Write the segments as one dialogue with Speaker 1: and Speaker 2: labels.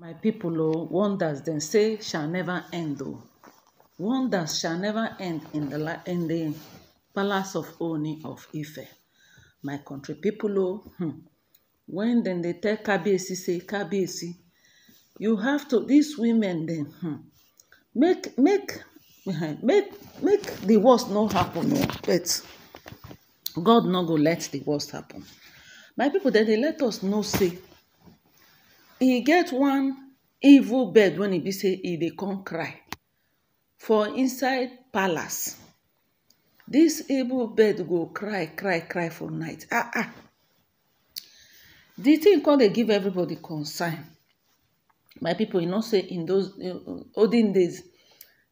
Speaker 1: My people, oh, wonders then say shall never end, oh. Wonders shall never end in the, in the palace of Oni of Ife. My country people, oh, hmm. when then they tell Kabesi, say, Kabesi, you have to, these women then, hmm, make, make, make, make the worst not happen, oh, but God not go let the worst happen. My people, then they let us know, say, e get one evil bird when e be say e dey come cry for inside palace This evil bird go cry cry cry for night ah ah the thing come dey give everybody concern my people you know say in those uh, olden days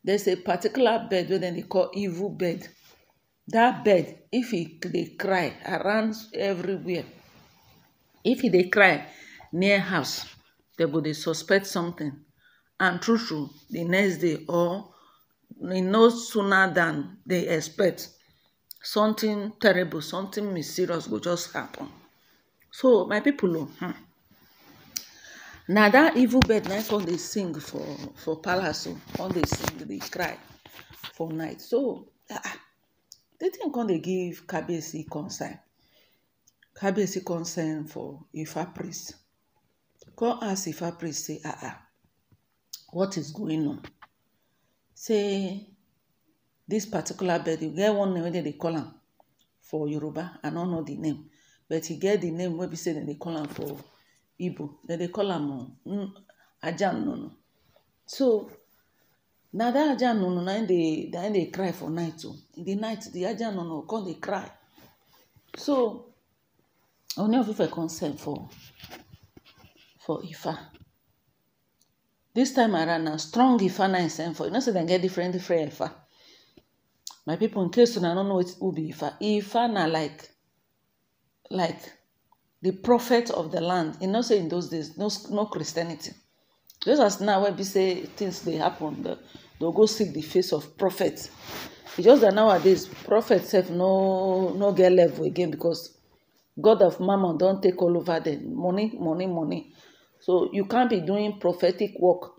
Speaker 1: there's a particular bird wey dem dey call evil bird that bird if e dey cry around everywhere if e dey cry near house dem go dey suspect something and true true the next day or e no sooner than they expect something terrible something mysterious go just happen so my people o oh, hmm, na that evil bird na come dey sing for for palace o oh. come dey sing dey cry for night so ah, ah the thing come dey give kabiyesi concern kabiyesi concern for ifa priest come ask Ifa priest say ah ah what is going on say this particular bird you get one name wey dem dey call am for Yoruba I no know the name but e get the name wey be say dem dey call am for Igbo dem dey call am mm, ajanunu so na that ajanunu na im dey na dey cry for night o oh. in the night the ajanunu come dey cry so Ooni of Ife come send for for ifa this time around na strong ifa na send for you know say dem get different different ifa my people in case i no know who be ifa ifa na like like the prophet of the land you e know say in those days no no christianity just as now wey be say things dey happen go go seek di face of prophet e just that nowadays prophet sef no no get level again becos god of mammon don take all over dem money money money So you can't be doing prophetic work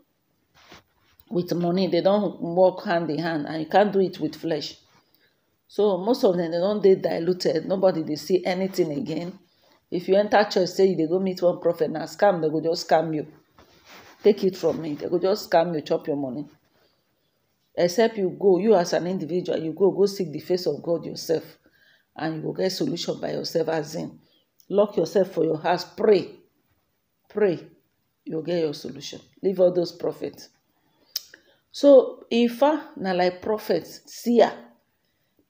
Speaker 1: with money. They don't work hand in hand, and you can't do it with flesh. So most of them they don't they diluted. Nobody they see anything again. If you enter church, say they go meet one prophet, now scam, they go just scam you. Take it from me. They will just scam you, chop your money. Except you go, you as an individual, you go, go seek the face of God yourself. And you will get solution by yourself as in. Lock yourself for your house, pray. Pray, you'll get your solution. Leave all those prophets. So, Ifa, na like prophets, seer,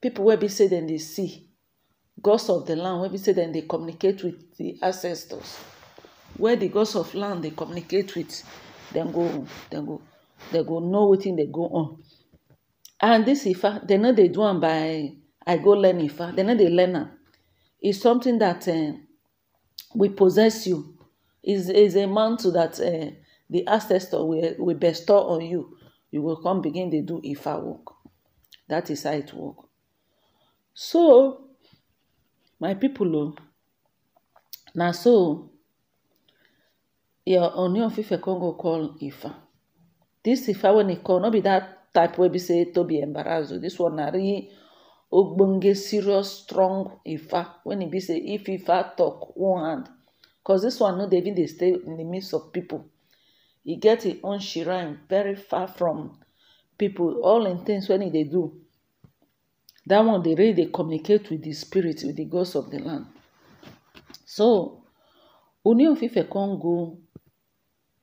Speaker 1: people will be said and they see, gods of the land will be said and they communicate with the ancestors. Where the gods of land they communicate with, then go, then go, they go know wetin they go on. And this Ifa, they know they do one by I go learn Ifa, they know they learn It's something that uh, we possess you is is a mantle that uh, the ancestor will, will bestow on you you will come begin dey do ifa work that is how it work so my people o na so your Ooni of Ife come call ifa this ifa when he call not be that type where be say to be embarrassed this one na real ogbonge serious strong ifa when e be say if ifa talk one hand Because this one no dey even they stay in the midst of people. he get his own shrine very far from people. All in things when they do, that one they really they communicate with the spirit, with the ghosts of the land. So, Ooni of Ife con go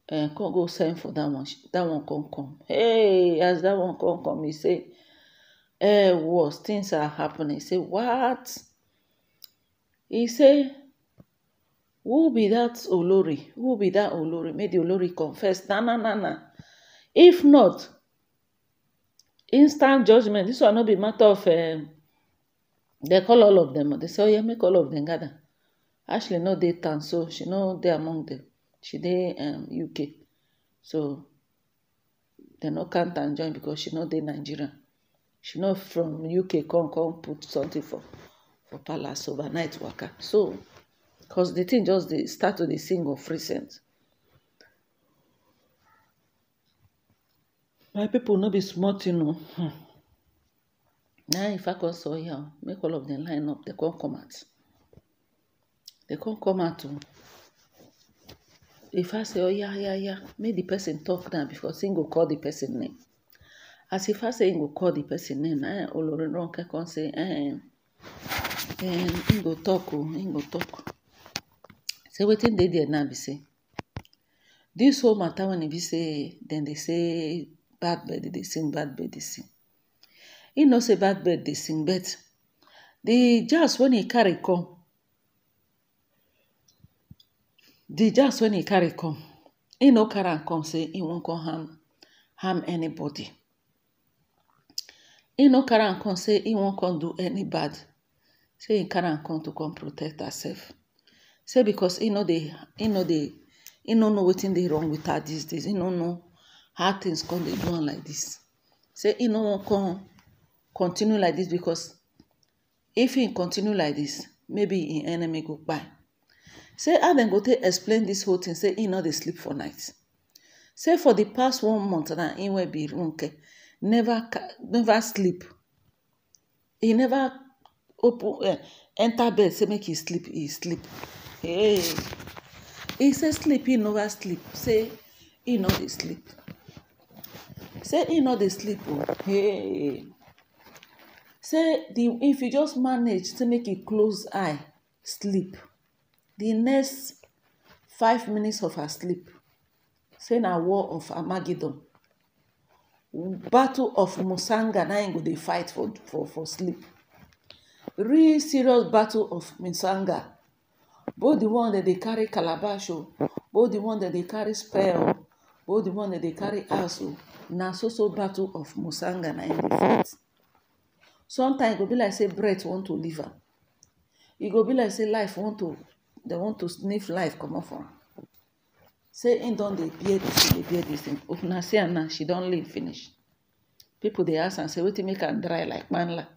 Speaker 1: um eh, con go send for that one. that one con come. Hey! As that one con come, he say um worse things are happening. E say what? He say who be that olori who be that olori make the olori confess na na na na if not instant judgment this one no be matter of um, they call all of them they say oye oh, yeah, make all of them gather ashley no dey town so she no dey among them she dey um, uk so they no count am join because she no dey nigeria she no from uk come come put something for for palace overnight waka so because the thing just dey start to dey sing of recent my people no be small thing o hmm now if i come saw here, make all of them line up dey come come out They come come out o I say oya ya ya make the person talk now because him go call the person name as if i say him go call the person name e eh, olorun come say eh, eh, him eh, go talk o him go talk. So wetin dey there now be say dis whole matter when e be say dem dey say bad bird dey sing, bad bird dey sing. E know say bad bird dey sing but the jazz when e carry come, the jazz when e carry come, e no carry am come say e wan come harm harm anybody. E no carry am come say e wan come do any bad, say e carry am come to come protect herself say because e no dey e no dey e no know wetin dey wrong with her these days e no know how things come dey do am like this say e no wan come continue like this because if he continue like this maybe him enemy go kpai say how dem go take explain this whole thing say he no dey sleep for night say for the past one month now him wey be runke never never sleep he never open uh, enter bed say make he sleep he sleep hey he say sleep He never sleep say he no dey sleep say he no dey sleep Oh, hey say the if you just manage to make you close eye sleep the next five minutes of her sleep say na war of amagedon battle of musanga na im go dey fight for for for sleep real serious battle of musanga both di one dem dey carry calabash o oh. both di one dem dey carry spell o oh. both di one dem dey carry house o oh. na so so battle of musanga na im dey fight. sometimes e go be like say breath want to leave am e go be like say life want to dey want to sniff life comot for am. say im don dey bear dis thing dey bear dis thing open her see am now she don leave finish. people dey ask am say wetin make am dry like panla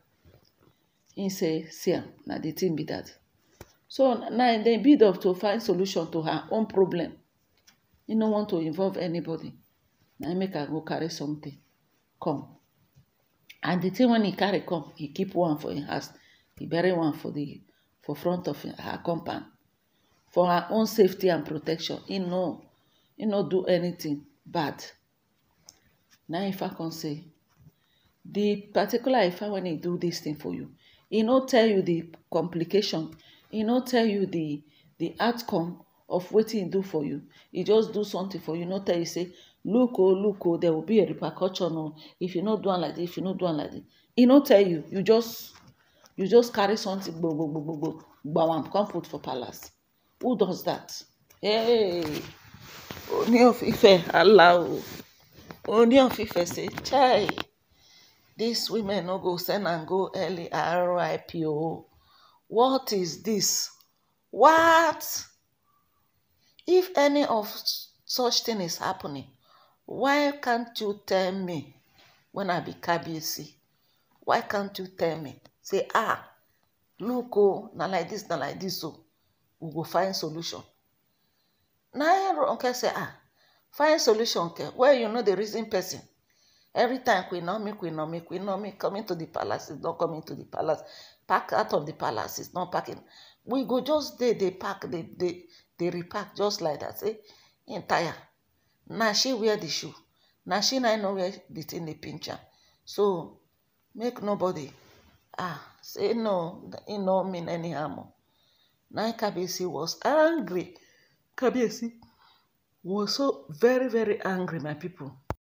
Speaker 1: im say see am na di tin be dat. so now in bid of to find solution to her own problem e no want to involve anybody na make her go carry something come and the thing when he carry come he keep one for him house he bury one for the for front of her compound for her own safety and protection he no he no do anything bad Now if I can say the particular if I when he do this thing for you he no tell you the complication He no tell you the the outcome of wetin e do for you He just do something for you e no tell you say look o oh, look o oh, there will be a repercussion o oh. if you no do am like this if you no do am like this he no tell you you just you just carry something gbogbogbogbo gbawam come put for palace who does that hey oni of ife Allah, o oni of ife say chai these women no go send am go early rip o. What is this? What? If any of such thing is happening, why can't you tell me when I be KBC? Why can't you tell me? Say, ah, look, oh, not like this, not like this, So oh, we go find solution. Na Ronke say, ah, find solution, okay? Well, you know the reason person. Every time Queen Naomi, Queen Naomi, Queen Naomi coming to the palace is not coming to the palace. Pack out of the palace is not packing. We go just they they pack they they they repack just like that. Say entire. Now she wear the shoe. Now she now know where the thing they pinch her. So make nobody ah say no it no mean any harm. Now Kabesi was angry. Kabesi was so very very angry, my people.